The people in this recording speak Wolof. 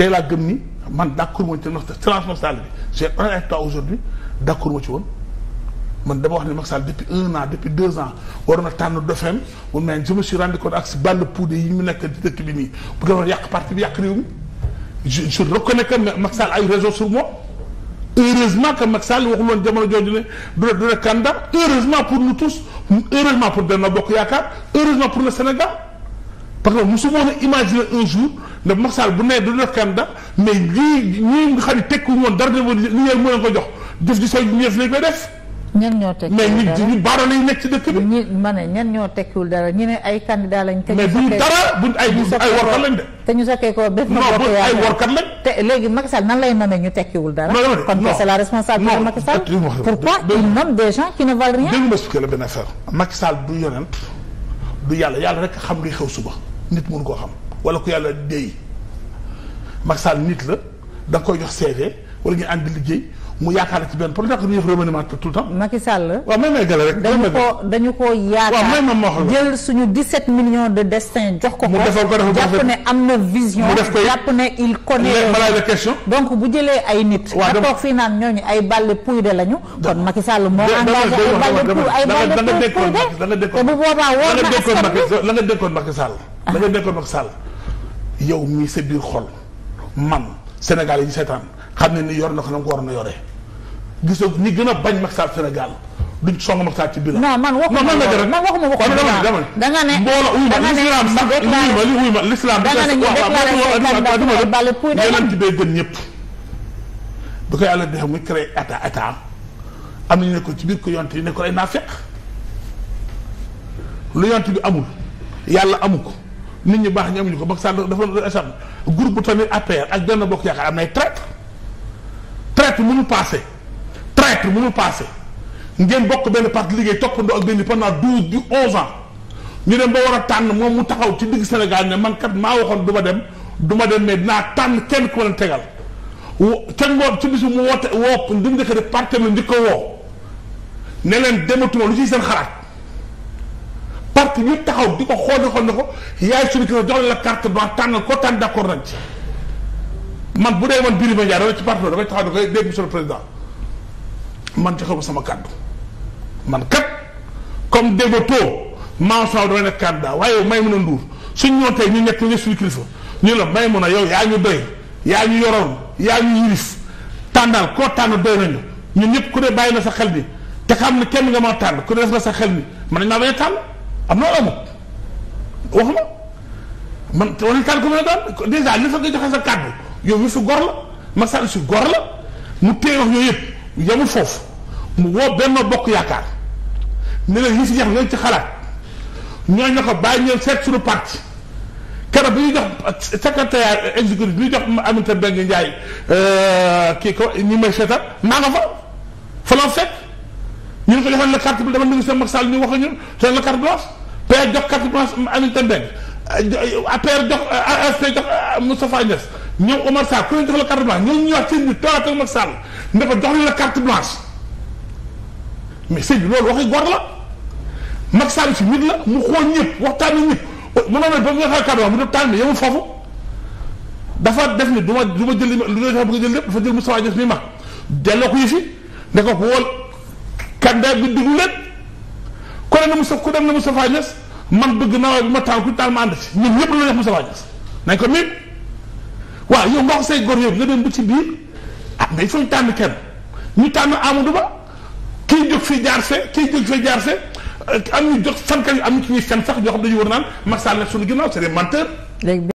tey laa gëm ni man d'accord ma ci transport ma ci woon man dama wax ni Macky Sall depuis un an depuis deux ans waroon na tànn dofem mun mais je me suis rendu compte ak si bàll puudar yi mu nekk ci dëkk bi nii bu doon yàq parti bi yàq réew mi je je reconnais que Macky ay raison sur heureusement que Macky Sall waxul woon ne du du rek candidat heureusement pour nous tous heureusement pour Benno Bokk Yaakaar heureusement pour le Sénégal parce que musu woon a imaginer un ndax Macky bu nee du def candidat mais lii ñii nga xam ne tekku woon ko jox jëf ji sooy ñeef lañ koy def. ñan ñoo tekkiwul dara mais ñoo tekkiwul dara ñu ne ay candidat lañ. te ñu sakkee mais du dara bu ay ay ñu sakkee ko bépp ma bokk ay warkat lañ. te léegi nan lay nommer ñu tekkiwul dara. kon que c'est la responsabilité yàlla yàlla rek xam li xew suba nit mënu koo xam wala ku yàlla déy Macky Sall nit la da nga koy jox CV wala ngeen ànd liggéey mu yaakaar ci benn pour tax ñu def remaniement tout le temps. Macky Sall. waaw may may gën rek. dañu ko dañu ko yaakaar jël suñu 17 millions de destin jox ko ko. mu defal ko jàpp ne am na vision. def ko jàpp ne il connaît. la donc bu jëlee ay nit. waaw dem nga toog fii naan ñooñu ay bàlle puy de lañu. kon Macky Sall moo. engagé ay bàlle puy de. te bu boobaa la nga dénkoon Macky Sall. la nga dénkoon Macky Sall. yow mii sa biir xol man Sénégal yi seetaan xam ne ni yor na ko na nga ko waroon a yore gisoo ñi gën a bañ Macky Sall Sénégal duñ song Macky Sall ci biir. non man waxuma man waxuma waxuma da nga ne da nga ne l'islam da nga ne ñu déclaré gën ñëpp bu ko yàlla defee muy créé état état am nañu ne ko ci biir ko yont yi ne ko ay naafeq lu yont bi amul yàlla amu ko nit ñi baax ñu amuñu ko Macky Sall dafa doon échapper groupe bu tamit APR ak benn bokk yaakaar am nay traître traître mënul passé traître mënul passé ngeen bokk benn parti liggéey toppandoo ak benn pendant douze du onze ans ñu dem ba war a tànn moom mu taxaw ci digg Sénégal ne man kat maa waxoon du dem du dem mais dinaa tànn kenn ku ma leen tegal wo ca ngoon ci bisu mu woote woo dim ndëkk de parti la njëkk woo ne leen dematuma lu ciy seen xaraat carte yëpp taxaw di ko xool na na ko yaay suñu kër jox la carte tànn ko tànn d' accord nañ ci man bu dee man Birima Ndiaye dama ci parti damay taxaw da koy eh, dégg monsieur man joxe ma sama kàddu man kat comme déggoo Mansour dama nekk candidat waaye Maïmouna Ndour suñ ñëw tey ñu ñett ñu suñu kilifa ñu la Maïmouna yow yaa ñu doy yaa ñu yoroon yaa ñu yiris tàndal koo tànn doy nañu ñun ñëpp ku ne bàyyi na sa xel bi te xam ne kenn nga ma tànn ku ne def nga sa xel bi mën nañ maa bañ tànn am na wax ma man wala taal ko mën a doon dèjà li fa nga joxe sa kàddu yow mi fi gor la Macky Sall si gor la mu téye wax yooyu yëpp yamul foofu mu woo Benno Bokk Yaakaar ne leen li si nga ci xalaat ñooñu na ko bàyyi ñëw seet suñu parti keroog bi ñuy jox secrétaire exécutif bi ñuy jox Aminata Mbengue Ndiaye euh, kii ko ni may seetal maa nga fa fa la fekk ñu ne ko defal la carte bi dama nuyu sa Macky Sall wax ak ñun te la carte blanche. père jox carte blanche Aminata Mbengue père jox euh, AFP jox euh, Moustapha Niass ñoom Omar Sall ku leen jox la carte blanche ñoom ñu wax sëñ bi toogaat ak Macky Sall ne ko jox la carte blanche mais sëñ bi loolu waxi góor la Macky Sall si nit la mu xool ñëpp waxtaan ak ñëpp oh, mënoon na ba mu joxee carte blanche mu def tànn yemul foofu dafa def ni du ma du ma jël li lu ne sax bëgg a jël lépp dafa jël Moustapha Niass mi mag delloo ko yi fi ne ko wool candidat bi dugg leen xoolal na Moustapha ku dem na Moustapha Niass man bëgg nawet ma taal ku taal ma ànd ci ñun ñëpp lu ko miin waaw yow nga wax say góor yooyu nga dem ba ci biir am ah, na il faut ñu tànn kenn ñu tànn Amadou Ba kii jóg fii jaar fee kii jóg fee jaar fee euh, am ñu jóg fan am ñu ci ñuy sax ñoo xam dañu war naan Macky Sall nekk suñu ginnaaw c'est des menteurs